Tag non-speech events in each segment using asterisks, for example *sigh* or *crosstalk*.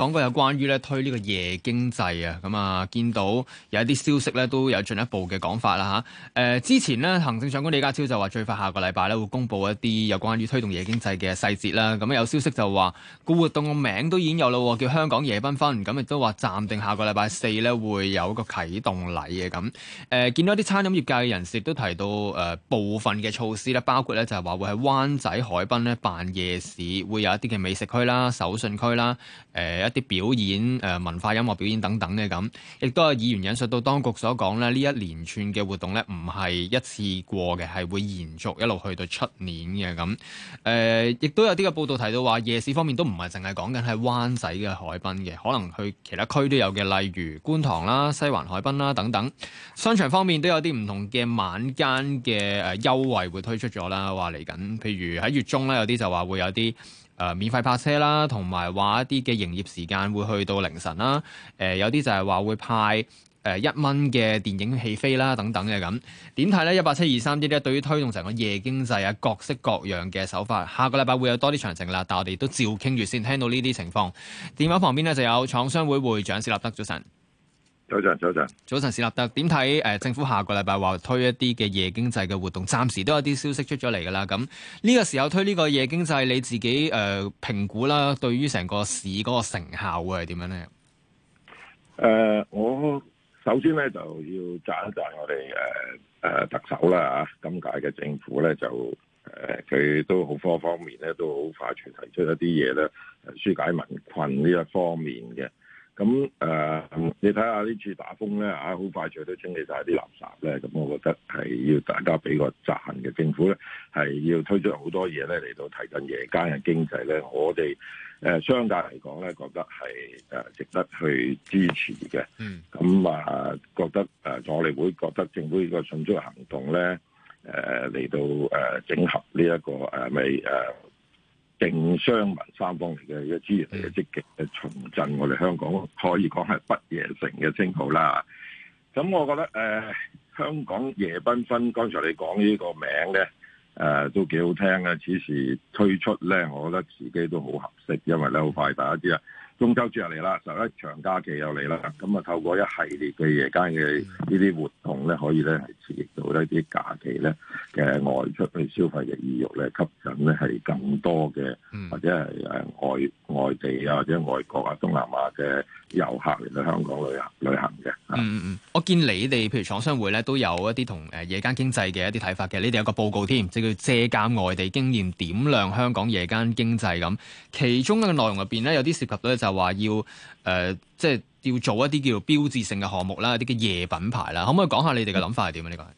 講過有關於咧推呢個夜經濟啊，咁啊見到有一啲消息咧都有進一步嘅講法啦吓，誒之前呢，行政長官李家超就話，最快下個禮拜咧會公布一啲有關於推動夜經濟嘅細節啦。咁有消息就話個活動個名都已經有啦，叫香港夜繽紛。咁亦都話暫定下個禮拜四咧會有一個啟動禮嘅咁。誒見到一啲餐飲業界嘅人士亦都提到誒部分嘅措施咧，包括咧就係話會喺灣仔海濱咧辦夜市，會有一啲嘅美食區啦、手信區啦。誒、呃、一啲表演誒、呃、文化音樂表演等等咧咁，亦都有議員引述到當局所講呢：「呢一連串嘅活動呢，唔係一次過嘅，係會延續一路去到出年嘅咁。誒、呃，亦都有啲嘅報道提到話，夜市方面都唔係淨係講緊喺灣仔嘅海濱嘅，可能去其他區都有嘅，例如觀塘啦、西環海濱啦等等。商場方面都有啲唔同嘅晚間嘅誒優惠會推出咗啦，話嚟緊，譬如喺月中呢，有啲就話會有啲。呃、免費泊車啦，同埋話一啲嘅營業時間會去到凌晨啦、呃。有啲就係話會派一蚊嘅電影戲飛啦，等等嘅咁。點睇呢？一八七二三呢啲對於推動成個夜經濟啊，各式各樣嘅手法，下個禮拜會有多啲詳情啦。但我哋都照傾住先，聽到呢啲情況。電話旁邊呢就有廠商會會長史立德，早晨。 *music* 早晨，早晨。早晨德，史立德，點睇？誒，政府下個禮拜話推一啲嘅夜經濟嘅活動，暫時都有啲消息出咗嚟噶啦。咁呢個時候推呢個夜經濟，你自己誒評、呃、估啦，對於成個市嗰個成效會係點樣咧？誒、呃，我首先咧就要讚一讚我哋誒誒特首啦啊！今屆嘅政府咧就誒佢、呃、都好多方面咧都好快脆提出一啲嘢咧，誒紓解民困呢一方面嘅。咁、呃、你睇下呢次打風咧，啊、好快脆都清理晒啲垃圾咧，咁我覺得係要大家俾個讚嘅，政府咧係要推出好多嘢咧嚟到提振夜間嘅經濟咧，我哋誒、呃、商界嚟講咧覺得係、呃、值得去支持嘅。嗯，咁啊覺得誒我哋、呃、會覺得政府呢個迅速行動咧嚟、呃、到、呃、整合呢、這、一個誒、呃呃政商民三方嚟嘅一資源嚟嘅積極嘅重振，我哋香港可以講係不夜城嘅稱號啦。咁、嗯、我覺得誒、呃，香港夜繽紛，剛才你講呢個名咧，誒、呃、都幾好聽啊！此時推出咧，我覺得自己都好合適，因為咧好快大家知啊。中秋節又嚟啦，十一長假期又嚟啦，咁啊透過一系列嘅夜間嘅呢啲活動咧，可以咧係刺激到呢啲假期咧嘅外出去消費嘅意欲咧，吸引咧係更多嘅或者係誒外外地啊或者外國啊東南亞嘅遊客嚟到香港旅行，旅行嘅。嗯嗯嗯，我見你哋，譬如廠商會咧，都有一啲同誒夜間經濟嘅一啲睇法嘅。你哋有個報告添，即叫「借鑒外地經驗，點亮香港夜間經濟」咁。其中嘅內容入邊咧，有啲涉及到就話要誒，即、呃、係、就是、要做一啲叫做標誌性嘅項目啦，一啲嘅夜品牌啦。可唔可以講下你哋嘅諗法係點啊？呢個係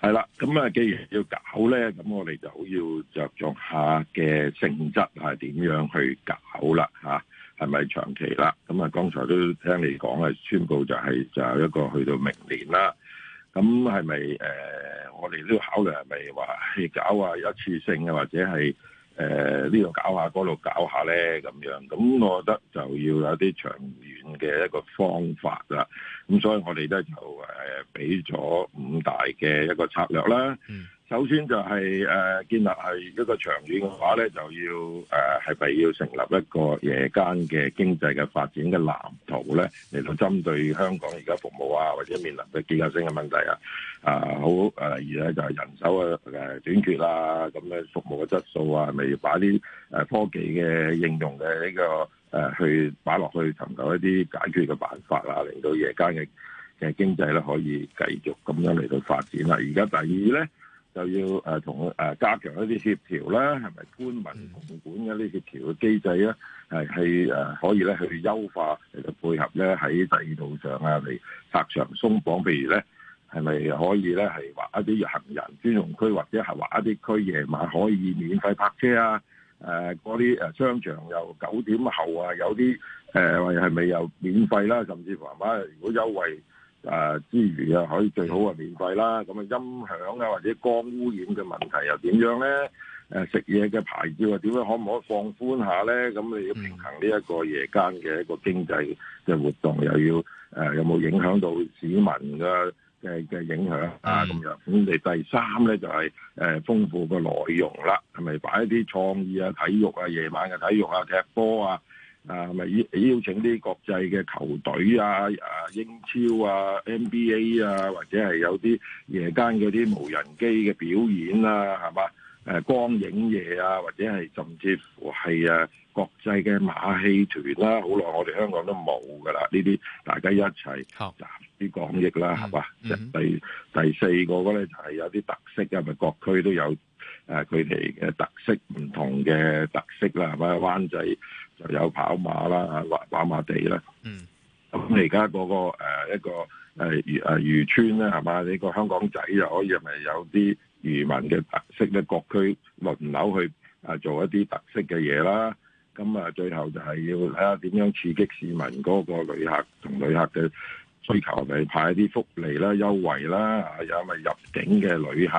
係啦，咁啊，既然要搞咧，咁我哋就要着重下嘅性質係點樣去搞啦，吓、啊。係咪長期啦？咁啊，剛才都聽你講係宣佈、就係，就係就係一個去到明年啦。咁係咪誒？我哋都要考慮係咪話去搞啊？一次性嘅，或者係誒呢度搞下，嗰度搞下咧咁樣。咁我覺得就要有啲長遠嘅一個方法啦。咁所以我哋咧就誒俾咗五大嘅一個策略啦。嗯首先就係、是、誒、呃、建立係一個長遠嘅話咧，就要誒係咪要成立一個夜間嘅經濟嘅發展嘅藍圖咧，嚟到針對香港而家服務啊，或者面臨嘅結構性嘅問題啊，啊好誒，二咧就係、是、人手嘅誒短缺啊，咁嘅服務嘅質素啊，咪要把啲誒科技嘅應用嘅呢、這個誒、啊、去擺落去尋求一啲解決嘅辦法啊，令到夜間嘅嘅經濟咧可以繼續咁樣嚟到發展啦、啊。而家第二咧。就要誒同誒加強一啲協調啦，係咪官民同管一啲個協調嘅機制啊？係係誒可以咧去優化，其實配合咧喺制度上啊嚟拆牆鬆綁，譬如咧係咪可以咧係劃一啲行人專用區，或者係劃一啲區夜晚可以免費泊車啊？誒嗰啲誒商場又九點後啊有啲誒係咪又免費啦？甚至乎話如果優惠。誒之餘啊，可以、啊、最好啊免費啦。咁啊，音響啊，或者光污染嘅問題又點樣咧、啊？食嘢嘅牌照啊，點樣可唔可以放寬下咧？咁你要平衡呢一個夜間嘅一個經濟嘅活動，又要誒、啊、有冇影響到市民嘅嘅嘅影響、嗯、啊？咁樣咁你第三咧就係、是、誒、呃、豐富嘅內容啦，係咪擺一啲創意啊、體育啊、夜晚嘅體育啊、踢波啊？啊，咪邀邀請啲國際嘅球隊啊，啊英超啊、NBA 啊，或者係有啲夜間嗰啲無人機嘅表演啊，係嘛？誒、啊、光影夜啊，或者係甚至乎係誒、啊、國際嘅馬戲團啦、啊，好耐我哋香港都冇㗎啦。呢啲大家一齊集啲廣益啦，係嘛、嗯？第、嗯、第四個嗰咧就係有啲特色嘅，咪各區都有誒佢哋嘅特色唔同嘅特色啦，係咪？灣仔。就有跑馬啦，跑馬地啦。嗯，咁而家嗰個、呃、一個誒漁誒漁村咧，係嘛？你個香港仔又可以係咪有啲漁民嘅特色咧？各區輪流去啊做一啲特色嘅嘢啦。咁、嗯、啊，最後就係要睇下點樣刺激市民嗰個旅客同旅客嘅需求，嚟、就是、派一啲福利啦、優惠啦，有、啊、咪入境嘅旅客。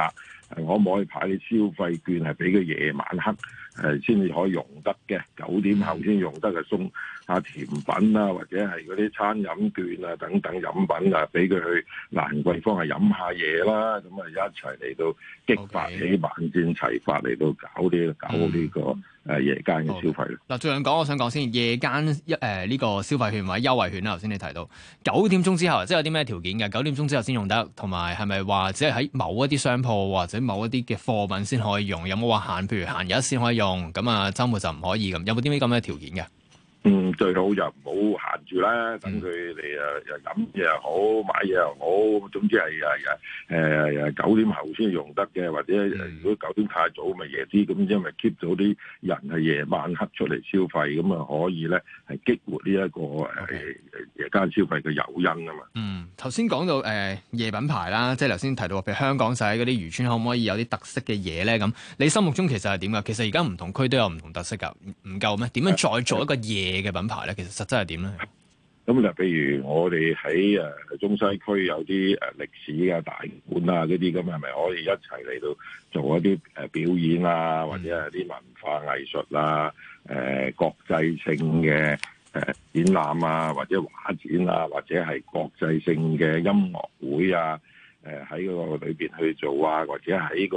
可唔可以派啲消費券，係俾佢夜晚黑先至可以用得嘅，九點後先用得嘅送。啊，甜品啦、啊，或者係嗰啲餐飲券啊，等等飲品啊，俾佢去蘭桂坊係飲下嘢啦。咁啊，一齊嚟到激發起萬箭齊發嚟到搞呢、呢個，okay. 搞呢、呢個誒、嗯啊、夜間嘅消費。嗱、okay.，最想講我想講先，夜間一誒呢個消費券或者優惠券啦。頭先你提到九點鐘之後，即係有啲咩條件嘅？九點鐘之後先用得，同埋係咪話只係喺某一啲商鋪或者某一啲嘅貨品先可以用？有冇話限？譬如閒日先可以用，咁啊周末就唔可以咁？有冇啲咁嘅條件嘅？嗯，最好就唔好限住啦，等佢嚟誒誒飲嘢又好，買嘢又好，總之係誒誒誒九點後先用得嘅，或者如果、呃呃、九點太早咪夜啲，咁因為 keep 到啲人係夜晚黑出嚟消費，咁啊可以咧係激活呢、這、一個誒、呃、夜間消費嘅誘因啊嘛。嗯，頭先講到誒、呃、夜品牌啦，即係頭先提到譬如香港仔嗰啲漁村，可唔可以有啲特色嘅嘢咧？咁你心目中其實係點㗎？其實而家唔同區都有唔同特色㗎，唔夠咩？點樣再做一個夜？啊啊你嘅品牌咧，其實實質係點咧？咁就譬如我哋喺誒中西區有啲誒歷史啊大館啊，嗰啲咁係咪可以一齊嚟到做一啲誒表演啊，或者係啲文化藝術啊、誒國際性嘅誒展覽啊，或者畫展啊，或者係國際性嘅音樂會啊？誒、呃、喺個裏邊去做啊，或者喺、嗰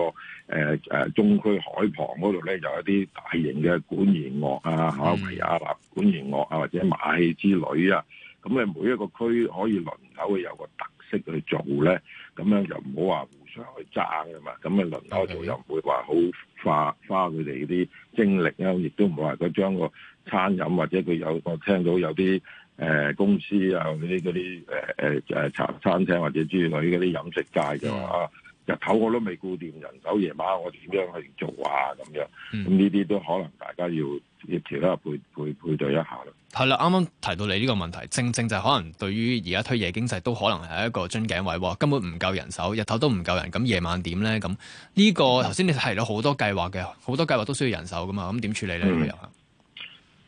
個誒、呃、中區海旁嗰度咧，就一啲大型嘅管弦樂啊，吓維也納管弦樂啊，或者馬戲之類啊，咁、嗯、誒每一個區可以輪流有個特色去做咧，咁樣就唔好話互相去爭㗎嘛，咁樣輪流做又唔會話好花花佢哋啲精力啊，亦都唔會話佢將個餐飲或者佢有個聽到有啲。誒、呃、公司啊，嗰啲啲誒誒誒茶餐廳或者諸如此類嗰啲飲食界嘅話，日頭我都未顧掂人手，夜晚我點樣去做啊？咁樣咁呢啲都可能大家要協調啦，配配配對一下咯。係啦，啱啱提到你呢個問題，正正就可能對於而家推夜經濟都可能係一個樽頸位，根本唔夠人手，日頭都唔夠人，咁夜晚點咧？咁呢、呢個頭先你提到好多計劃嘅，好多計劃都需要人手噶嘛，咁點處理咧？呢、嗯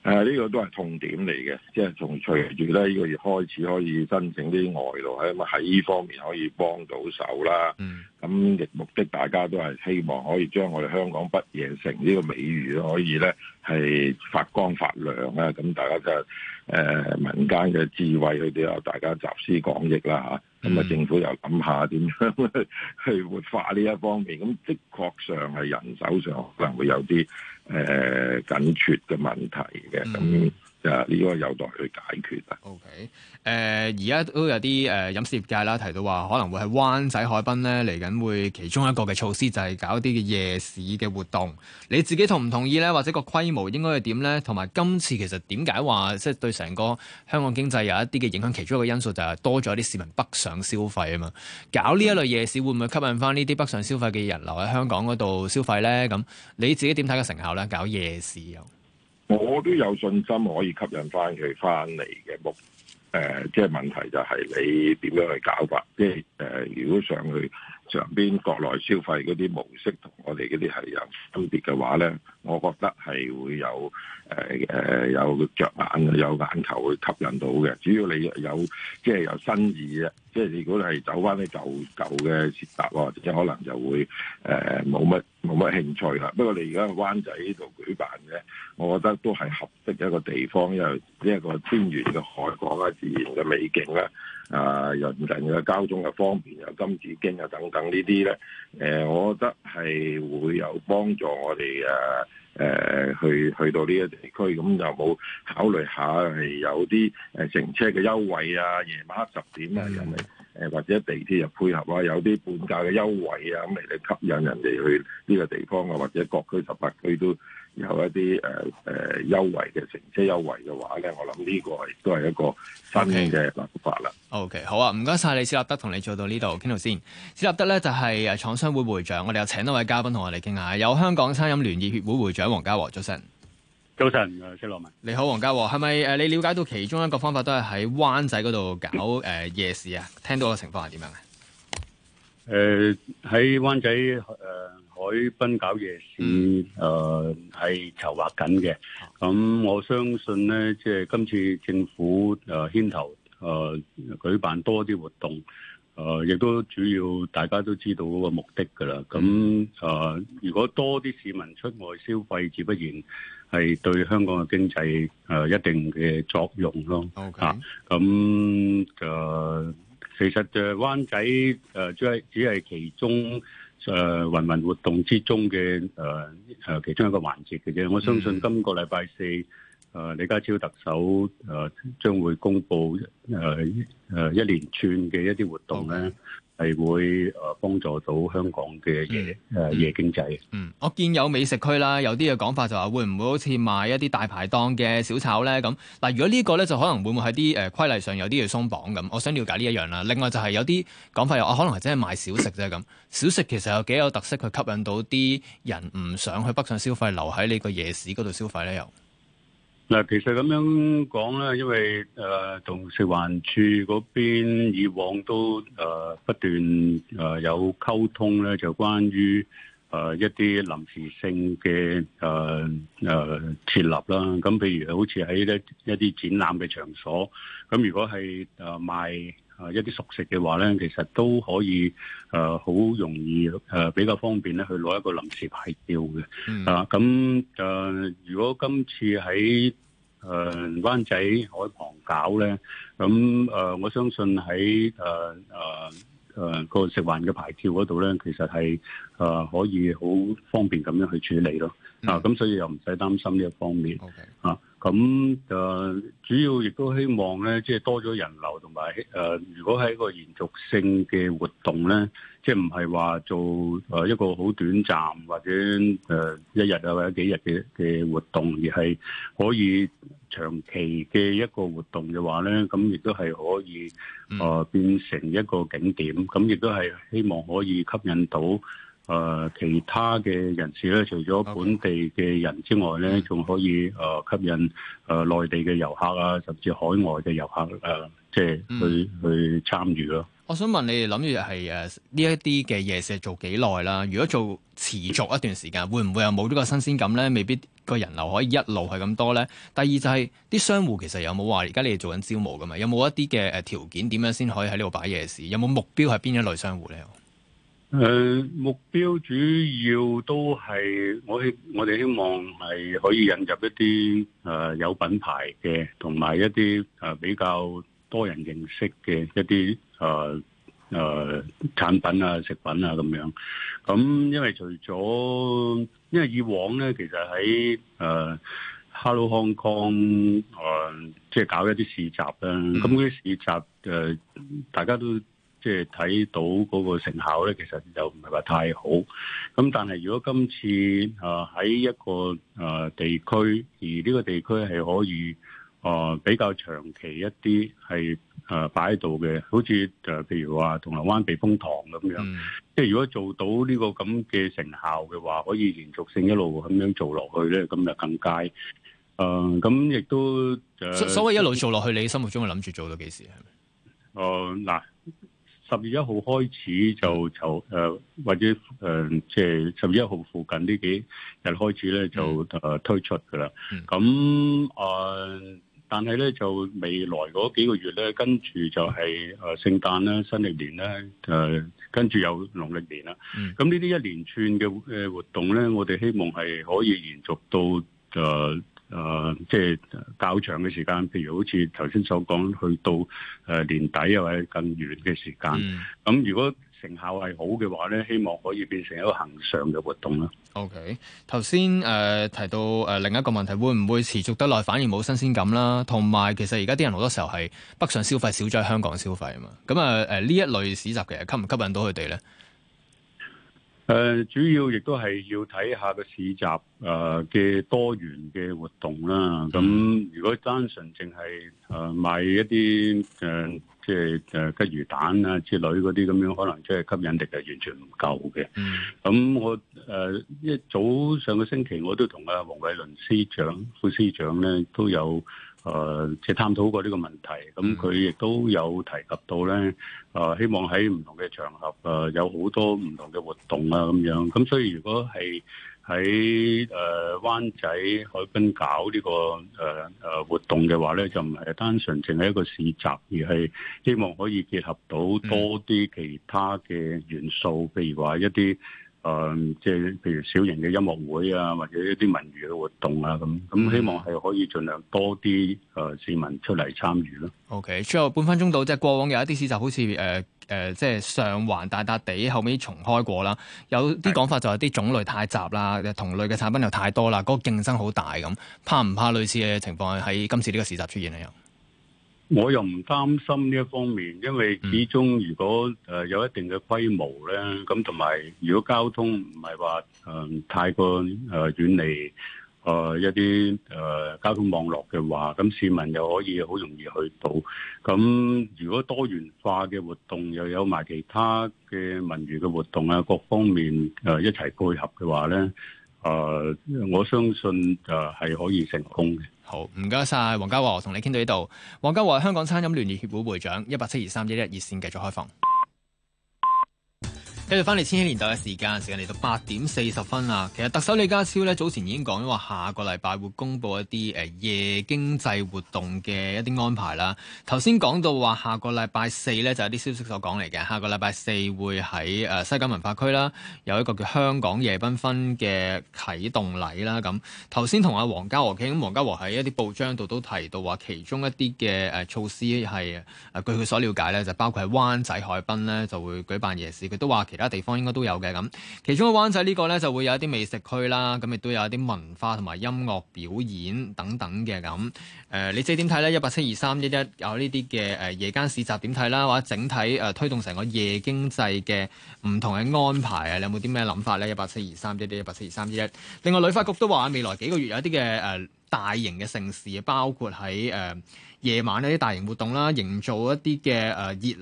誒、啊、呢、這個都係痛點嚟嘅，即係從隨住咧呢、這個月開始可以申請啲外勞喺，咁喺呢方面可以幫到手啦。咁目的大家都係希望可以將我哋香港不夜城呢個美譽可以咧係發光發亮啊！咁大家就誒、是呃、民間嘅智慧，佢哋又大家集思廣益啦吓。咁啊，政府又諗下點樣去活化呢一方面。咁的確上係人手上可能會有啲。誒緊缺嘅問題嘅咁。呢個有待去解決啦。OK，誒、呃，而家都有啲誒，飲、呃、食業界啦，提到話可能會喺灣仔海濱咧，嚟緊會其中一個嘅措施就係搞啲嘅夜市嘅活動。你自己同唔同意呢？或者個規模應該係點呢？同埋今次其實點解話即係對成個香港經濟有一啲嘅影響？其中一個因素就係多咗啲市民北上消費啊嘛。搞呢一類夜市會唔會吸引翻呢啲北上消費嘅人流喺香港嗰度消費呢？咁你自己點睇個成效呢？搞夜市我都有信心可以吸引翻佢翻嚟嘅目的、呃、即係問題就係你點樣去搞法，即係、呃、如果上去。上邊國內消費嗰啲模式同我哋嗰啲係有分別嘅話咧，我覺得係會有誒誒、呃、有著眼有眼球會吸引到嘅。主要你有即係有新意啊！即係如果你係走翻啲舊舊嘅設搭，或者可能就會誒冇乜冇乜興趣啦。不過你而家灣仔呢度舉辦嘅，我覺得都係合適一個地方，因為呢一個天然嘅海港啊、自然嘅美景啦。啊！人嘅交通嘅方便，又金紫荊啊等等呢啲咧，誒、呃，我覺得係會有幫助我哋啊誒、呃、去去到呢個地區，咁就冇考慮下係有啲誒乘車嘅優惠啊，夜晚黑十點啊，人哋誒或者地鐵又配合啊，有啲半價嘅優惠啊，咁嚟嚟吸引人哋去呢個地方啊，或者各區十八區都有一啲誒誒優惠嘅乘車優惠嘅話咧，我諗呢個亦都係一個新嘅辦法啦。O.K. 好啊，唔該晒。你史立德同你做到呢度傾到先。史立德咧就係誒廠商會會長，我哋又請多位嘉賓同我哋傾下。有香港餐飲聯業協會會長黃家和早晨。早晨啊，車羅文。你好，黃家和，係咪誒？你了解到其中一個方法都係喺灣仔嗰度搞誒夜市啊？聽到嘅情況係點樣嘅？誒、呃、喺灣仔誒、呃、海濱搞夜市誒係籌劃緊嘅。咁、呃、我相信呢，即係今次政府誒、呃、牽頭。誒、呃、舉辦多啲活動，誒、呃、亦都主要大家都知道嗰個目的㗎啦。咁誒、呃，如果多啲市民出外消費，自不然係對香港嘅經濟誒、呃、一定嘅作用咯。嚇、okay。啊，咁、嗯、誒、呃，其實誒灣仔誒、呃、只係只係其中誒芸芸活動之中嘅誒誒其中一個環節嘅啫。我相信今個禮拜四。誒李家超特首誒、呃、將會公布誒、呃、一連串嘅一啲活動咧，係、嗯、會誒幫助到香港嘅夜誒夜經濟。嗯，我見有美食區啦，有啲嘅講法就話會唔會好似賣一啲大排檔嘅小炒咧咁？嗱，但如果呢個咧就可能會唔會喺啲、呃、規例上有啲嘢鬆綁咁？我想了解呢一樣啦。另外就係有啲講法又、就、我、是啊、可能係真係賣小食啫咁。小食其實有幾有特色，佢吸引到啲人唔想去北上消費，留喺你個夜市嗰度消費咧又。嗱，其實咁樣講咧，因為誒同、呃、食環處嗰邊以往都誒、呃、不斷誒、呃、有溝通咧，就關於誒、呃、一啲臨時性嘅誒誒設立啦。咁、呃、譬如好似喺一啲展覽嘅場所，咁、呃、如果係誒、呃、賣。啊！一啲熟食嘅話咧，其實都可以誒，好、呃、容易誒、呃，比較方便咧，去攞一個臨時牌照嘅。啊，咁誒、呃，如果今次喺誒、呃、灣仔海旁搞咧，咁誒、呃，我相信喺誒誒誒個食環嘅牌照嗰度咧，其實係誒、呃、可以好方便咁樣去處理咯、嗯。啊，咁所以又唔使擔心呢一方面。O K。啊，咁誒、呃，主要亦都希望咧，即係多咗人流。同埋誒，如果係一個延續性嘅活動呢，即係唔係話做誒一個好短暫或者誒一日啊或者幾日嘅嘅活動，而係可以長期嘅一個活動嘅話呢，咁亦都係可以誒、呃、變成一個景點，咁亦都係希望可以吸引到誒、呃、其他嘅人士咧，除咗本地嘅人之外呢，仲可以誒、呃、吸引誒內、呃、地嘅遊客啊，甚至海外嘅遊客誒。呃即、就、係、是、去、嗯、去參與咯。我想問你哋諗住係誒呢一啲嘅夜市做幾耐啦？如果做持續一段時間，會唔會有冇呢個新鮮感咧？未必個人流可以一路係咁多咧。第二就係、是、啲商戶其實有冇話而家你哋做緊招募噶嘛？有冇一啲嘅誒條件點樣先可以喺呢度擺夜市？有冇目標係邊一類商戶咧？誒、呃，目標主要都係我希我哋希望係可以引入一啲誒、呃、有品牌嘅，同埋一啲誒、呃、比較。多人認識嘅一啲誒、呃呃、產品啊、食品啊咁樣，咁、嗯、因為除咗因為以往咧，其實喺誒、呃、Hello Hong Kong 即、呃、係、就是、搞一啲市集啦，咁、嗯、啲市集誒、呃，大家都即係睇到嗰個成效咧，其實就唔係話太好。咁、嗯、但係如果今次誒喺、呃、一個、呃、地區，而呢個地區係可以。哦、呃，比較長期一啲係誒擺喺度嘅，好似誒譬如話銅鑼灣避風塘咁樣。嗯、即係如果做到呢個咁嘅成效嘅話，可以連續性一路咁樣做落去咧，咁就更佳。誒咁亦都誒、呃、所謂一路做落去、呃，你心目中係諗住做到幾時係咪？誒、呃、嗱，十月一號開始就就、嗯呃、或者誒即係十月一號附近呢幾日開始咧就、嗯呃、推出噶啦。咁、嗯但係咧就未來嗰幾個月咧，跟住就係、是、誒、呃、聖誕啦、新歷年啦、呃，跟住有農曆年啦。咁呢啲一連串嘅活動咧，我哋希望係可以延續到、呃呃、即係較長嘅時間，譬如好似頭先所講去到年底又或者更遠嘅時間。咁、嗯、如果成效係好嘅話呢，希望可以變成一個恆常嘅活動啦。OK，頭先誒提到、呃、另一個問題，會唔會持續得耐反而冇新鮮感啦？同埋其實而家啲人好多時候係北上消費少咗香港消費啊嘛，咁啊呢一類市集其實吸唔吸引到佢哋呢？誒、啊，主要亦都係要睇下個市集誒嘅、啊、多元嘅活動啦。咁如果單純淨係誒賣一啲誒、啊、即係誒吉魚蛋啊之類嗰啲咁樣，可能即係吸引力係完全唔夠嘅。咁、嗯啊、我誒、啊、一早上個星期我、啊，我都同阿黃偉綸司長、副司長咧都有。誒、呃，即係探討過呢個問題，咁佢亦都有提及到呢，誒、呃，希望喺唔同嘅場合，誒、呃、有好多唔同嘅活動啊，咁樣。咁所以如果係喺誒灣仔海濱搞呢、這個誒誒、呃呃、活動嘅話呢，就唔係單純淨係一個市集，而係希望可以結合到多啲其他嘅元素，譬如話一啲。誒、呃，即係譬如小型嘅音樂會啊，或者一啲文娛嘅活動啊，咁咁希望係可以盡量多啲、呃、市民出嚟參與咯。O、okay, K，最後半分鐘到，即、就、係、是、過往有一啲市集好似即係上環大笪地後面重開過啦，有啲講法就係啲種類太雜啦，同類嘅產品又太多啦，個競爭好大咁，怕唔怕類似嘅情況喺今次呢個市集出現呢？又我又唔擔心呢一方面，因為始終如果有一定嘅規模咧，咁同埋如果交通唔係話太過遠離、呃、一啲交通網絡嘅話，咁市民又可以好容易去到。咁如果多元化嘅活動又有埋其他嘅文娛嘅活動啊，各方面一齊配合嘅話咧、呃，我相信係可以成功嘅。好，唔該晒，黃家和同你傾到呢度。黃家和，香港餐飲聯業協會會長，一八七二三一一熱線繼續開放。繼續翻嚟千禧年代嘅時間，時間嚟到八點四十分啦。其實特首李家超呢，早前已經講咗話，下個禮拜會公布一啲誒、呃、夜經濟活動嘅一啲安排啦。頭先講到話下個禮拜四呢，就有、係、啲消息所講嚟嘅，下個禮拜四會喺誒、呃、西九文化區啦，有一個叫香港夜繽紛嘅啟動禮啦。咁頭先同阿黃家和傾，咁黃家和喺一啲報章度都提到話，其中一啲嘅誒措施係、呃、據佢所了解呢，就包括係灣仔海濱呢就會舉辦夜市。佢都話其其他地方應該都有嘅咁，其中個灣仔呢個呢，就會有一啲美食區啦，咁亦都有一啲文化同埋音樂表演等等嘅咁。誒、呃，你即係點睇呢？一八七二三一一，有呢啲嘅誒夜間市集點睇啦？或者整體誒、呃、推動成個夜經濟嘅唔同嘅安排啊？你有冇啲咩諗法呢？一八七二三一一一八七二三一一。另外，旅發局都話未來幾個月有一啲嘅誒大型嘅城市，包括喺誒、呃夜晚呢啲大型活動啦，營造一啲嘅誒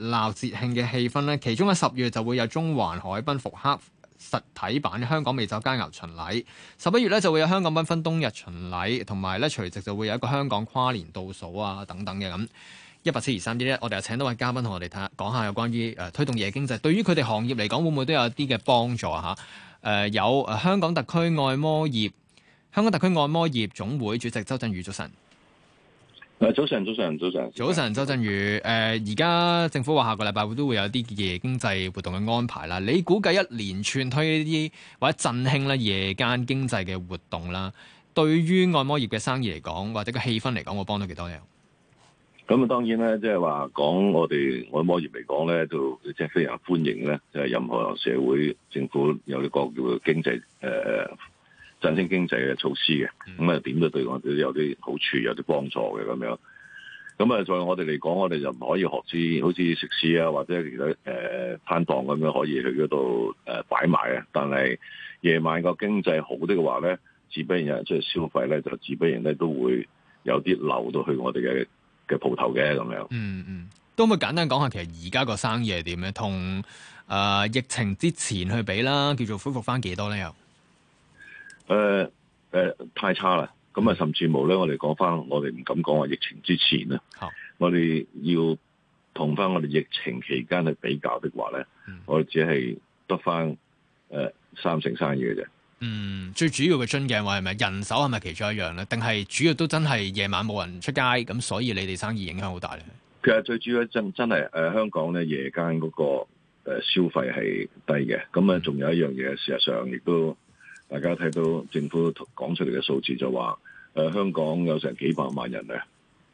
熱鬧節慶嘅氣氛呢，其中喺十月就會有中環海濱復刻實體版香港美酒佳餚巡禮，十一月呢就會有香港繽紛冬日巡禮，同埋呢隨即就會有一個香港跨年倒數啊等等嘅咁一八七二三 D 一，172, 3, 1, 我哋又請多位嘉賓同我哋睇下講下有關於誒推動夜經濟，對於佢哋行業嚟講會唔會都有啲嘅幫助嚇？誒、呃、有香港特區按摩業香港特區按摩業總會主席周鎮宇，早晨。誒，早晨，早晨，早晨。早晨，周鎮宇。誒、呃，而家政府話下個禮拜會都會有啲夜，夜經濟活動嘅安排啦。你估計一連串推啲或者振興咧夜間經濟嘅活動啦，對於按摩業嘅生意嚟講，或者個氣氛嚟講，會幫到幾多嘢？咁啊，當然咧，即係話講我哋按摩業嚟講咧，就即、是、係、就是、非常歡迎咧，即、就、係、是、任何社會、政府、有呢個叫做經濟誒。呃振興經濟嘅措施嘅。咁啊，點都對我哋有啲好處，有啲幫助嘅咁樣。咁啊，在我哋嚟講，我哋就唔可以學似好似食肆啊，或者其他誒攤檔咁樣可以去嗰度誒擺賣啊。但係夜晚個經濟好啲嘅話咧，自不然有人出去消費咧，就自不然咧都會有啲流到去我哋嘅嘅鋪頭嘅咁樣。嗯嗯，都唔好簡單講下，其實而家個生意係點咧？同誒、呃、疫情之前去比啦，叫做恢復翻幾多咧？又？誒、呃、誒、呃，太差啦！咁、嗯、啊，甚至冇咧，我哋講翻，我哋唔敢講話疫情之前咧、啊。我哋要同翻我哋疫情期間去比較的話咧、嗯，我哋只係得翻誒三成生意嘅啫。嗯，最主要嘅樽頸位係咪人手係咪其中一樣咧？定係主要都真係夜晚冇人出街，咁所以你哋生意影響好大咧？其實最主要真真係誒，香港咧夜間嗰個誒消費係低嘅。咁、嗯、啊，仲、嗯、有一樣嘢，事實上亦都。大家睇到政府講出嚟嘅數字就話、呃，香港有成幾百萬人咧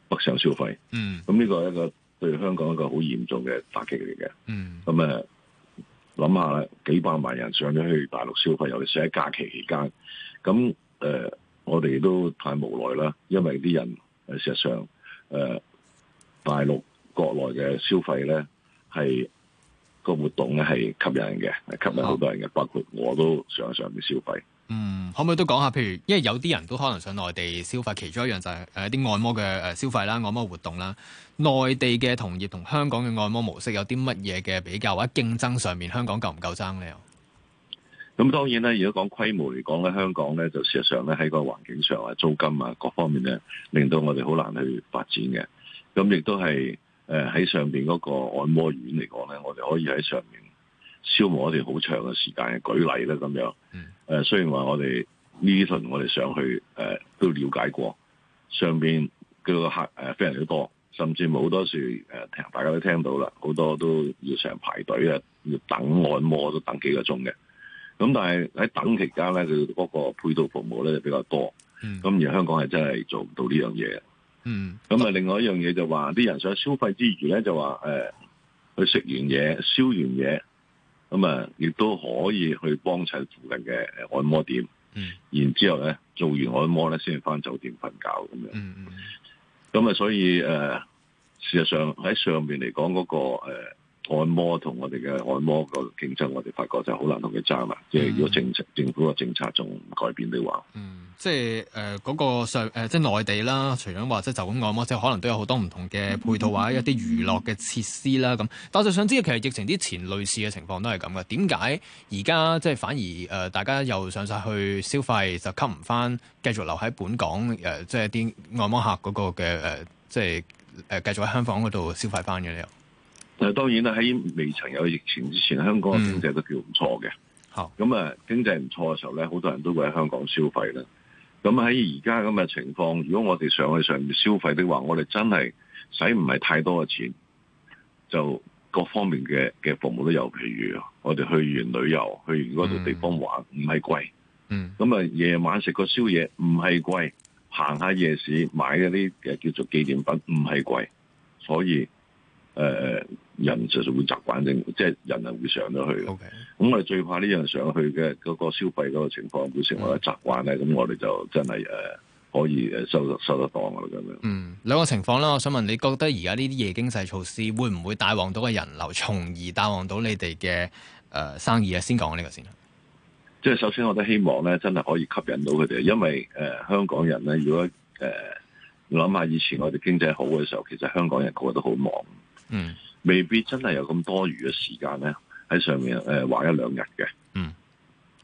北上消費，mm. 嗯，咁呢個係一個對香港一個好嚴重嘅打擊嚟嘅，mm. 嗯，咁誒諗下幾百萬人上咗去大陸消費，尤其是喺假期期間，咁誒、呃、我哋都太無奈啦，因為啲人事實上誒、呃、大陸國內嘅消費咧係。個活動咧係吸引嘅，係吸引好多人嘅、啊，包括我都想上啲消費。嗯，可唔可以都講下？譬如，因為有啲人都可能上內地消費，其中一樣就係誒啲按摩嘅誒消費啦，按摩活動啦。內地嘅同業同香港嘅按摩模式有啲乜嘢嘅比較或者競爭上面，香港夠唔夠爭咧？咁當然啦，如果講規模嚟講咧，香港咧就事實上咧喺個環境上啊、租金啊各方面咧，令到我哋好難去發展嘅。咁亦都係。誒、呃、喺上面嗰個按摩院嚟講咧，我哋可以喺上面消磨我哋好長嘅時間。舉例呢咁樣、呃，雖然話我哋呢輪我哋上去、呃、都了解過，上面叫個客、呃、非常之多，甚至好多時誒、呃、大家都聽到啦，好多都要成日排隊啊，要等按摩都等幾個鐘嘅。咁、嗯、但係喺等期間咧，佢、這、嗰個配套服務咧比較多。咁、嗯、而香港係真係做唔到呢樣嘢。嗯，咁、嗯、啊，另外一樣嘢就話、是、啲人想消費之餘咧，就話誒、呃，去食完嘢、燒完嘢，咁、呃、啊，亦都可以去幫襯附近嘅按摩店，嗯，然之後咧做完按摩咧，先翻酒店瞓覺咁樣，嗯嗯，咁啊，所以誒、呃，事實上喺上面嚟講嗰個、呃和按摩同我哋嘅按摩個競爭，我哋發覺就好難同佢爭啦。即係如果政政府個政策仲唔改變嘅話，嗯，即係誒嗰個上誒即係內地啦，除咗話即係就咁按摩，即係可能都有好多唔同嘅配套、嗯、或者一啲娛樂嘅設施啦咁、嗯。但係我就想知道，其實疫情之前類似嘅情況都係咁嘅。點解而家即係反而誒、呃、大家又想上晒去消費，就吸唔翻繼續留喺本港誒、呃，即係啲按摩客嗰個嘅誒、呃，即係誒繼續喺香港嗰度消費翻嘅咧？誒，當然啦，喺未曾有疫情之前，香港嘅經濟都叫唔錯嘅、嗯。好，咁啊，經濟唔錯嘅時候咧，好多人都會喺香港消費咧。咁喺而家咁嘅情況，如果我哋上去上面消費的話，我哋真係使唔係太多嘅錢，就各方面嘅嘅服務都有。譬如，我哋去完旅遊，去完嗰度地方玩，唔、嗯、係貴。嗯。咁啊，夜晚食個宵夜唔係貴，行下夜市買一啲誒叫做紀念品唔係貴，所以誒。呃人就實會習慣，性，即係人啊會上到去嘅。咁、okay. 我哋最怕呢樣上去嘅嗰、那個消費嗰個情況變成為我嘅習慣咧。咁、嗯、我哋就真係誒、呃、可以誒收得收得多嘅咁樣。嗯，兩個情況啦，我想問你覺得而家呢啲夜經濟措施會唔會帶旺到嘅人流，從而帶旺到你哋嘅誒生意啊？先講呢個先。即係首先，我都希望咧，真係可以吸引到佢哋，因為誒、呃、香港人咧，如果誒諗下以前我哋經濟好嘅時候，其實香港人個個都好忙。嗯。未必真係有咁多餘嘅時間咧，喺上面誒、呃、玩一兩日嘅。嗯。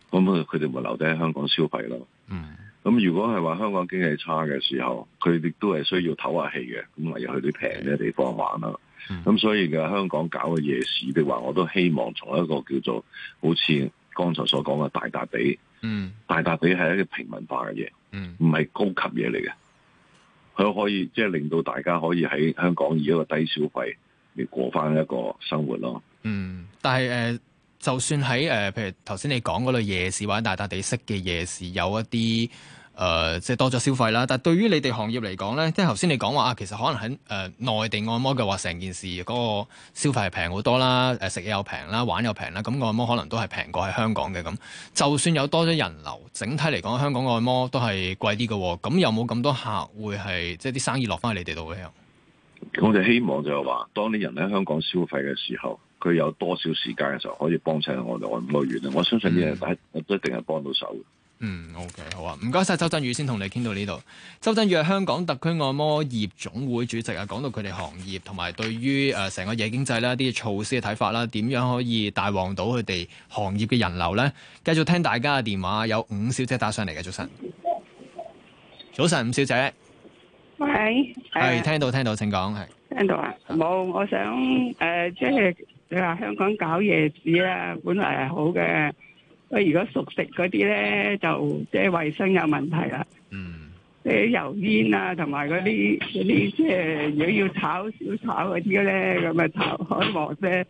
咁佢哋咪留低喺香港消費咯。嗯。咁如果係話香港經濟差嘅時候，佢哋都係需要唞下氣嘅，咁咪要去啲平嘅地方玩啦。咁、mm. 所以而家香港搞嘅夜市嘅話，我都希望從一個叫做好似剛才所講嘅大笪地。嗯、mm.。大笪地係一個平民化嘅嘢。唔、mm. 係高級嘢嚟嘅，佢可以即係令到大家可以喺香港以一個低消費。你過翻一個生活咯。嗯，但係誒、呃，就算喺誒、呃，譬如頭先你講嗰類夜市或者大笪地式嘅夜市，有一啲誒、呃，即係多咗消費啦。但係對於你哋行業嚟講咧，即係頭先你講話啊，其實可能喺誒、呃、內地按摩嘅話，成件事嗰個消費係平好多啦。誒、呃、食嘢又平啦，玩又平啦，咁按摩可能都係平過喺香港嘅咁。就算有多咗人流，整體嚟講，香港按摩都係貴啲嘅喎。咁有冇咁多客會係即係啲生意落翻去你哋度咧？我哋希望就係話，當啲人喺香港消費嘅時候，佢有多少時間嘅時候可以幫襯我哋按摩院咧？我相信嘢，第一定係幫到手。嗯，OK，好啊，唔該晒。周鎮宇，先同你傾到呢度。周鎮宇係香港特區按摩業總會主席啊，講到佢哋行業同埋對於誒成個夜經濟啦、啲措施嘅睇法啦，點樣可以大旺到佢哋行業嘅人流咧？繼續聽大家嘅電話，有五小姐打上嚟嘅，早晨，早晨，五小姐。喂，係聽到聽到，請講，係聽到啊，冇，我想誒，即係你話香港搞夜市啊，本來係好嘅，不過如果熟食嗰啲咧，就即係衛生有問題啦。嗯，即係油煙啊，同埋嗰啲嗰啲即係如果要炒小炒嗰啲咧，咁啊炒開鑊啫，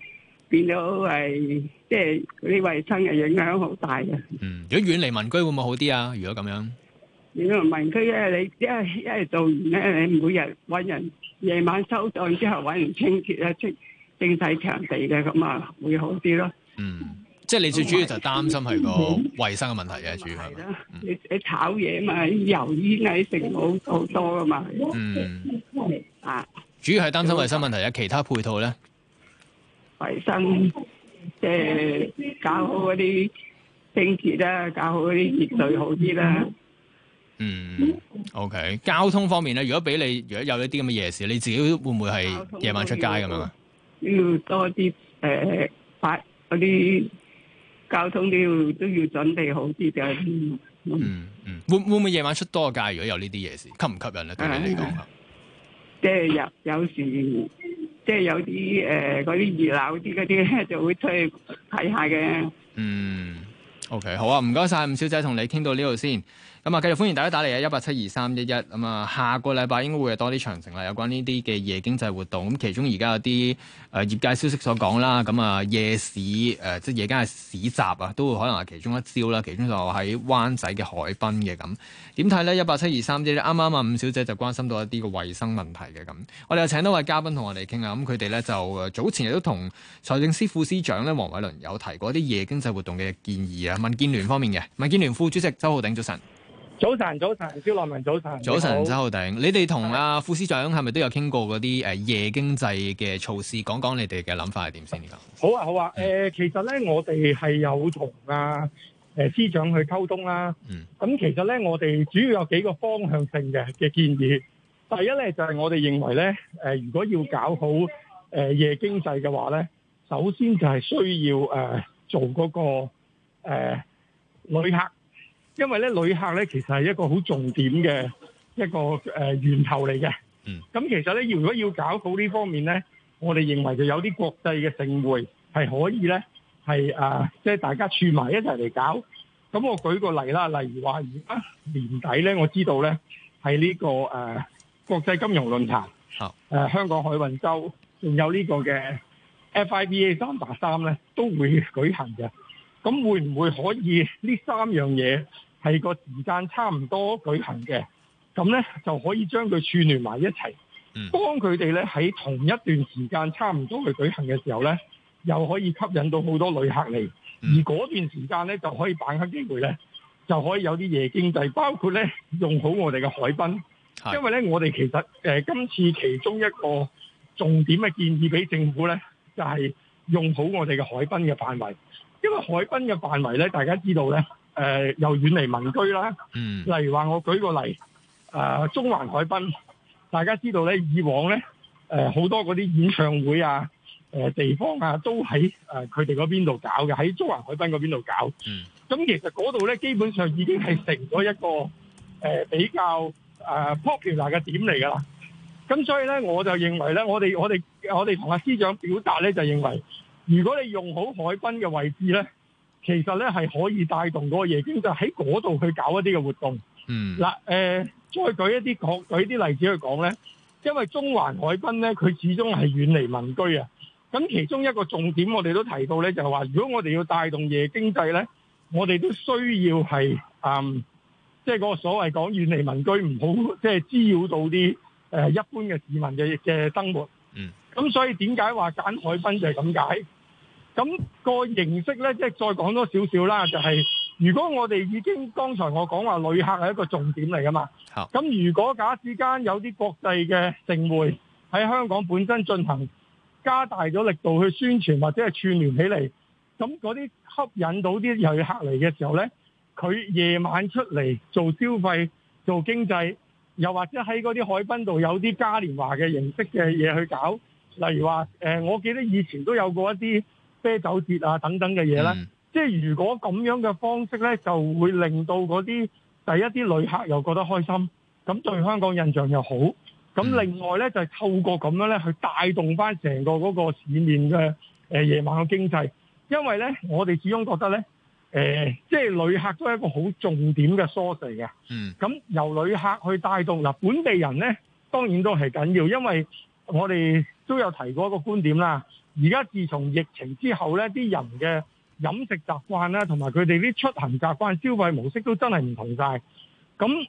變到係即係嗰啲衛生係影響好大嘅。嗯，如果遠離民居會唔會好啲啊？如果咁樣？你個民居咧，你一一係做完咧，你每日搵人夜晚收檔之後搵人清潔啊，清清洗場地嘅咁啊，會好啲咯。嗯，即係你最主要就擔心係個衛生嘅問題嘅，啊 *laughs* 嗯，主要係啦，你炒嘢嘛，油煙啊剩好好多噶嘛。嗯啊，主要係擔心衛生問題啊，其他配套咧？衛生即係搞好嗰啲清潔啦，搞好嗰啲熱水好啲啦。嗯，OK。交通方面咧，如果俾你，如果有一啲咁嘅夜市，你自己會唔會係夜晚出街咁樣啊？要多啲誒、呃，把嗰啲交通都要都要準備好啲嘅。 *laughs* 嗯嗯，會會唔會夜晚出多個街？如果有呢啲夜市，吸唔吸引咧？ *laughs* 對你嚟講，即 *laughs* 係有有時，即係有啲誒嗰啲熱鬧啲嗰啲，就會出去睇下嘅。嗯，OK，好啊，唔該晒吳小姐，同你傾到呢度先。咁、嗯、啊！繼續歡迎大家打嚟啊！一八七二三一一咁啊，下個禮拜應該會有多啲詳情啦。有關呢啲嘅夜經濟活動咁，其中而家有啲誒、呃、業界消息所講啦。咁、嗯、啊，夜市誒、呃、即係夜間嘅市集啊，都會可能係其中一招啦。其中就喺灣仔嘅海濱嘅，咁點睇呢？一八七二三一一，啱啱啊，五小姐就關心到一啲嘅衞生問題嘅咁、嗯。我哋又請到位嘉賓同我哋傾啊。咁佢哋咧就早前亦都同財政司副司長咧黃偉綸有提過一啲夜經濟活動嘅建議啊。民建聯方面嘅民建聯副主席周浩鼎，早晨。早晨，早晨，蕭樂明，早晨。早晨，周浩鼎，你哋同阿副司長係咪都有傾過嗰啲誒夜經濟嘅措施？講講你哋嘅諗法係點先？好啊，好啊。誒，其實咧，我哋係有同啊誒司長去溝通啦。嗯。咁其實咧，我哋主要有幾個方向性嘅嘅建議。第一咧，就係我哋認為咧，誒，如果要搞好誒夜經濟嘅話咧，首先就係需要誒做嗰個誒旅客。因為咧，旅客咧其實係一個好重點嘅一個誒源頭嚟嘅。咁其實咧，如果要搞好呢方面咧，我哋認為就有啲國際嘅盛會係可以咧係誒，即係大家串埋一齊嚟搞。咁我舉個例啦，例如話而家年底咧，我知道咧係呢個誒國際金融論壇、誒香港海運週，仲有呢個嘅 FIBA 三八三咧都會舉行嘅。咁會唔會可以呢三樣嘢係個時間差唔多舉行嘅？咁呢就可以將佢串聯埋一齊，當佢哋呢喺同一段時間差唔多去舉行嘅時候呢，又可以吸引到好多旅客嚟。而嗰段時間呢，就可以把握機會呢，就可以有啲夜經濟，包括呢用好我哋嘅海濱，因為呢，我哋其實、呃、今次其中一個重點嘅建議俾政府呢，就係、是、用好我哋嘅海濱嘅範圍。因為海濱嘅範圍咧，大家知道咧，誒又遠離民居啦。嗯。例如話，我舉個例，誒中環海濱，大家知道咧，以往咧，誒好多嗰啲演唱會啊、誒地方啊，都喺誒佢哋嗰邊度搞嘅，喺中環海濱嗰邊度搞。嗯。咁其實嗰度咧，基本上已經係成咗一個誒比較誒 popular 嘅點嚟㗎喇。咁所以咧，我就認為咧，我哋我哋我哋同阿司長表達咧，就認為。如果你用好海濱嘅位置呢，其實呢係可以帶動嗰個夜經濟喺嗰度去搞一啲嘅活動。嗯。嗱，誒，再舉一啲舉一啲例子去講呢，因為中環海濱呢，佢始終係遠離民居啊。咁其中一個重點，我哋都提到呢，就係、是、話，如果我哋要帶動夜經濟呢，我哋都需要係、呃就是呃，嗯，即係個所謂講遠離民居，唔好即係滋擾到啲誒一般嘅市民嘅嘅生活。嗯。咁所以點解話揀海濱就係咁解？咁個形式呢，即係再講多少少啦。就係如果我哋已經剛才我講話旅客係一個重點嚟噶嘛。咁如果假使間有啲國際嘅盛會喺香港本身進行，加大咗力度去宣傳或者係串聯起嚟，咁嗰啲吸引到啲旅客嚟嘅時候呢，佢夜晚出嚟做消費、做經濟，又或者喺嗰啲海濱度有啲嘉年華嘅形式嘅嘢去搞。例如話，我記得以前都有過一啲啤酒節啊等等嘅嘢啦。即係如果咁樣嘅方式呢，就會令到嗰啲第一啲旅客又覺得開心，咁對香港印象又好。咁另外呢，就係透過咁樣呢去帶動翻成個嗰個市面嘅夜晚嘅經濟，因為呢，我哋始終覺得呢，誒、呃，即係旅客都係一個好重點嘅 source 嚟嘅。嗯，咁由旅客去帶動嗱，本地人呢，當然都係緊要，因為我哋。都有提過一個觀點啦。而家自從疫情之後呢，啲人嘅飲食習慣啦，同埋佢哋啲出行習慣、消費模式都真係唔同晒。咁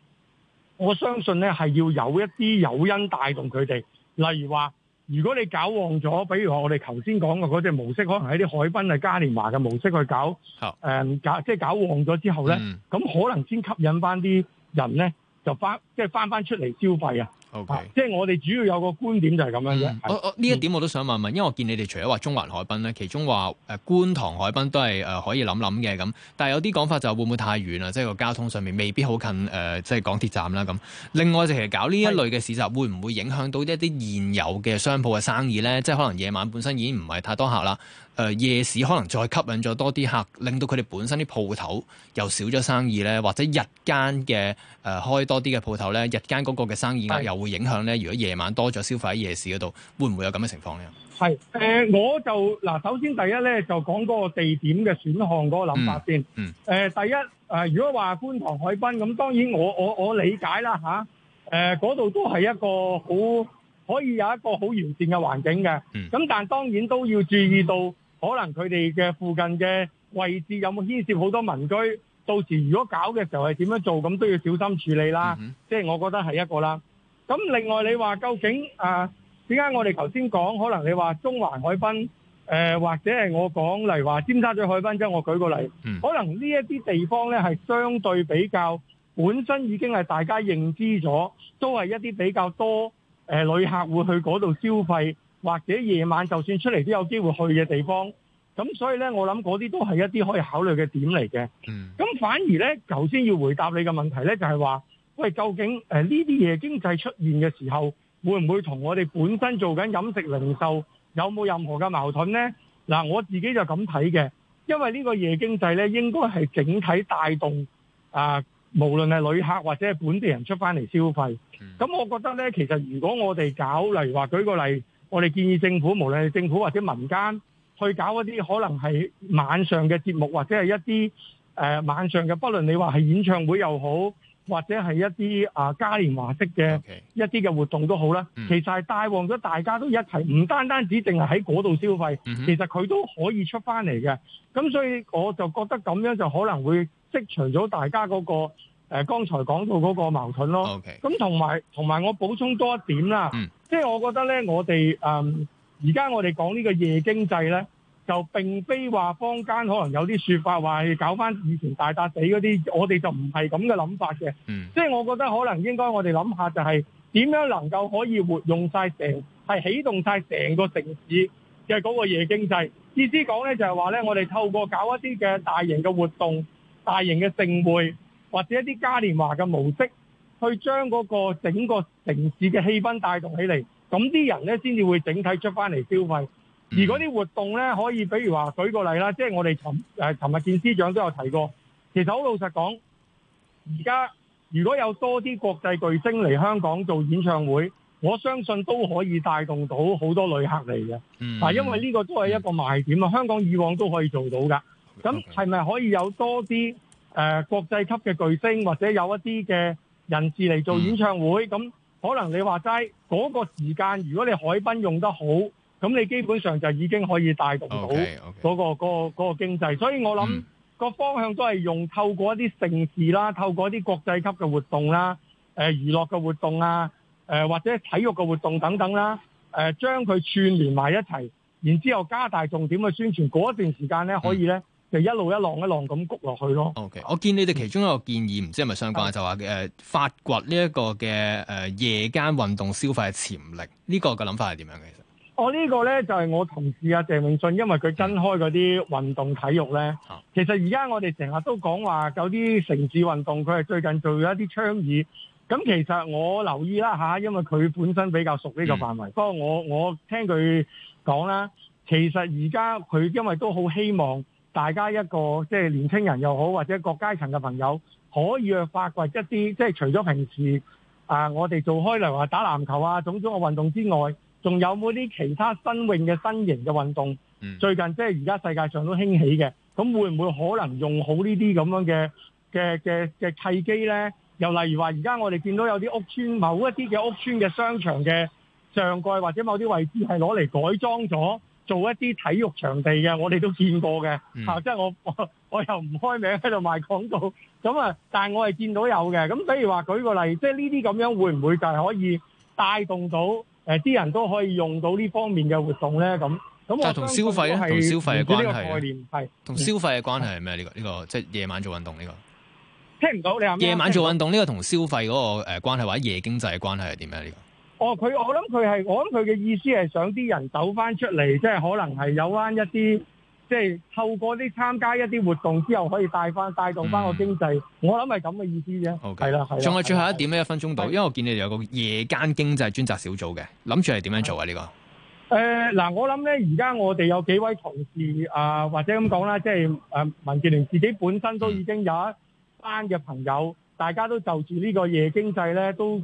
我相信呢係要有一啲誘因帶動佢哋，例如話，如果你搞旺咗，比如話我哋頭先講嘅嗰隻模式，可能喺啲海濱啊、嘉年華嘅模式去搞，嗯、搞即係搞旺咗之後呢，咁、嗯、可能先吸引翻啲人呢，就翻即係翻翻出嚟消費啊。O K，即係我哋主要有個觀點就係咁樣嘅、嗯。我我呢一點我都想問問，因為我見你哋除咗話中環海濱咧，其中話誒、呃、觀塘海濱都係誒、呃、可以諗諗嘅咁。但係有啲講法就會唔會太遠啦，即係個交通上面未必好近誒，即、呃、係、就是、港鐵站啦咁。另外就其實搞呢一類嘅市集，會唔會影響到一啲現有嘅商鋪嘅生意咧？即、就、係、是、可能夜晚本身已經唔係太多客啦。誒、呃、夜市可能再吸引咗多啲客，令到佢哋本身啲鋪頭又少咗生意咧，或者日間嘅誒開多啲嘅鋪頭咧，日間嗰個嘅生意額又會影響咧。如果夜晚多咗消費喺夜市嗰度，會唔會有咁嘅情況咧？係誒、呃，我就嗱，首先第一咧就講嗰個地點嘅選項嗰、那個諗法先。嗯。誒、嗯呃，第一誒、呃，如果話觀塘海濱咁，那當然我我我理解啦吓誒嗰度都係一個好可以有一個好完善嘅環境嘅。嗯。咁但係當然都要注意到。可能佢哋嘅附近嘅位置有冇牽涉好多民居？到時如果搞嘅時候係點樣做，咁都要小心處理啦。即、嗯、係、就是、我覺得係一個啦。咁另外你話究竟啊點解我哋頭先講，可能你話中環海濱誒、呃、或者係我講，例如話尖沙咀海濱，即係我舉個例、嗯，可能呢一啲地方咧係相對比較本身已經係大家認知咗，都係一啲比較多誒、呃、旅客會去嗰度消費。或者夜晚就算出嚟都有機會去嘅地方，咁所以咧，我諗嗰啲都係一啲可以考慮嘅點嚟嘅。嗯。咁反而咧，頭先要回答你嘅問題咧，就係話喂，究竟誒，呢啲夜經濟出現嘅時候，會唔會同我哋本身做緊飲食零售有冇任何嘅矛盾咧？嗱，我自己就咁睇嘅，因為呢個夜經濟咧，應該係整體帶動啊、呃，無論係旅客或者係本地人出翻嚟消費，咁、嗯、我覺得咧，其實如果我哋搞，例如話舉個例。我哋建議政府，無論係政府或者民間，去搞一啲可能係晚上嘅節目，或者係一啲、呃、晚上嘅，不論你話係演唱會又好，或者係一啲啊嘉年華式嘅、Okay. 一啲嘅活動都好啦、嗯。其實帶旺咗大家都一齊，唔單單止淨係喺嗰度消費、嗯，其實佢都可以出翻嚟嘅。咁所以我就覺得咁樣就可能會釋除咗大家嗰、嗰個、呃、剛剛才講到嗰個矛盾咯。咁同埋同埋，我補充多一點啦。嗯即係我覺得呢，我哋誒而家我哋講呢個夜經濟呢，就並非話坊間可能有啲說法話係搞翻以前大笪地嗰啲，我哋就唔係咁嘅諗法嘅。即、嗯、係我覺得可能應該我哋諗下就係點樣能夠可以活用晒，成係啟動晒成個城市嘅嗰個夜經濟。意思講呢，就係話呢，我哋透過搞一啲嘅大型嘅活動、大型嘅盛會，或者一啲嘉年華嘅模式。去將嗰個整個城市嘅氣氛帶動起嚟，咁啲人呢先至會整體出翻嚟消費。而嗰啲活動呢，可以比如話舉個例啦，即係我哋尋日見司長都有提過。其實好老實講，而家如果有多啲國際巨星嚟香港做演唱會，我相信都可以帶動到好多旅客嚟嘅。但、嗯、因為呢個都係一個賣點啊，香港以往都可以做到噶。咁係咪可以有多啲誒、呃、國際級嘅巨星，或者有一啲嘅人士嚟做演唱會，咁、嗯、可能你話齋嗰個時間，如果你海濱用得好，咁你基本上就已經可以帶動到嗰、那個嗰、okay, okay. 那個嗰、那個經濟。所以我諗個、嗯、方向都係用透過一啲盛事啦，透過一啲國際級嘅活動啦，誒、呃、娛樂嘅活動啊，誒、呃、或者體育嘅活動等等啦，誒、呃、將佢串連埋一齊，然之後加大重點去宣傳嗰一段時間咧，可以咧。嗯就一路一浪一浪咁谷落去咯。O、okay. K，我見你哋其中一個建議，唔、嗯、知係咪相關就話、是、發掘呢一個嘅夜間運動消費嘅潛力，這個哦這個、呢個嘅諗法係點樣嘅？其實我呢個咧就係、是、我同事啊，鄭永信，因為佢跟開嗰啲運動體育咧、嗯，其實而家我哋成日都講話有啲城市運動，佢係最近做咗一啲倡議。咁其實我留意啦下，因為佢本身比較熟呢個範圍。不、嗯、過我我聽佢講啦，其實而家佢因為都好希望。大家一個即係年青人又好，或者各階層嘅朋友可以去發掘一啲，即係除咗平時啊，我哋做開例如話打籃球啊，種種嘅運動之外，仲有冇啲其他新穎嘅新型嘅運動？嗯、最近即係而家世界上都興起嘅，咁會唔會可能用好呢啲咁樣嘅嘅嘅嘅契機呢？又例如話，而家我哋見到有啲屋邨，某一啲嘅屋邨嘅商場嘅上蓋或者某啲位置係攞嚟改裝咗。做一啲體育場地嘅，我哋都見過嘅。嚇！即係我我又唔開名喺度賣廣告，咁啊，但係我係見到有嘅。咁，比如話舉個例，即係呢啲咁樣會唔會就係可以帶動到誒啲人都可以用到呢方面嘅活動咧？咁咁，我同消費咧，同消費嘅關係，呢個概念係同消費嘅關係係咩？呢個呢個即係夜晚做運動呢個。聽唔到你話夜晚做運動呢個同消費嗰個誒關係或者夜經濟嘅關係係點樣？呢個哦，佢我諗佢係，我諗佢嘅意思係想啲人走翻出嚟，即係可能係有翻一啲，即係透過啲參加一啲活動之後，可以帶翻帶動翻個經濟。我諗係咁嘅意思啫。係啦，係。仲有最後一點咧，一分鐘到，因為我見你哋有個夜間經濟專責小組嘅，諗住係點樣做啊？呢個誒嗱，我諗咧，而家我哋有幾位同事啊，或者咁講啦，即係誒民建聯自己本身都已經有一班嘅朋友，大家都就住呢個夜經濟咧都。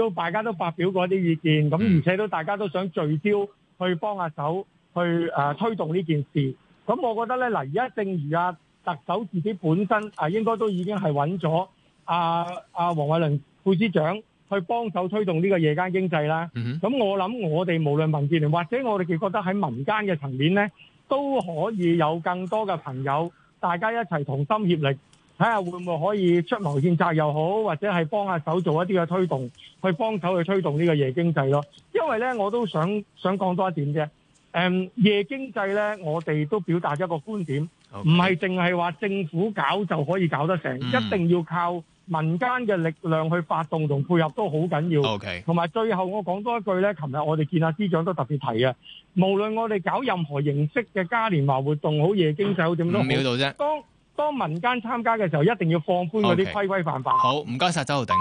都大家都發表過一啲意見，咁而且都大家都想聚焦去幫下手，去誒、啊、推動呢件事。咁我覺得咧，嗱而家正如阿、啊、特首自己本身啊，應該都已經係揾咗阿阿黃偉綸副司長去幫手推動呢個夜間經濟啦。咁、嗯、我諗，我哋無論民建聯或者我哋，覺得喺民間嘅層面咧，都可以有更多嘅朋友，大家一齊同心協力。睇下會唔會可以出謀獻策又好，或者係幫下手做一啲嘅推動，去幫手去推動呢個夜經濟咯。因為呢，我都想想講多一點啫。誒，夜經濟呢，我哋都表達咗一個觀點，唔係淨係話政府搞就可以搞得成，一定要靠民間嘅力量去發動同配合都好緊要。OK。同埋最後我講多一句呢，琴日我哋見阿司長都特別提啊，無論我哋搞任何形式嘅嘉年華活動，好夜經濟，好點都五秒度啫。當民間參加嘅時候，一定要放寬嗰啲規規範範。Okay. 好，唔該晒，周浩鼎。